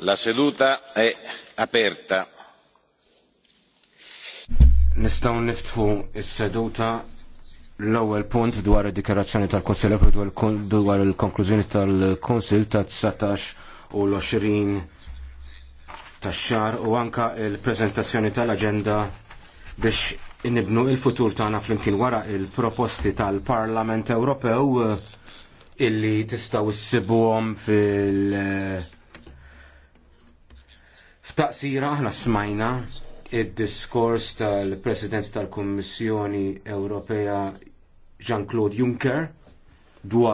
La seduta è aperta. Nistgħu niftħu is-seduta l-ewwel punt dwar id-dikarazzjoni tal-Kunsill dwar il-konklużjoni tal-Kunsill ta' 19 u l-20 tax xahar u anka il-preżentazzjoni tal-aġenda biex nibnu il-futur tagħna flimkien wara il-proposti tal-Parlament Ewropew eh, illi tistgħu issibuhom fil- F'taqsira aħna smajna id-diskors tal-President tal-Kummissjoni Ewropea Jean-Claude Juncker dwar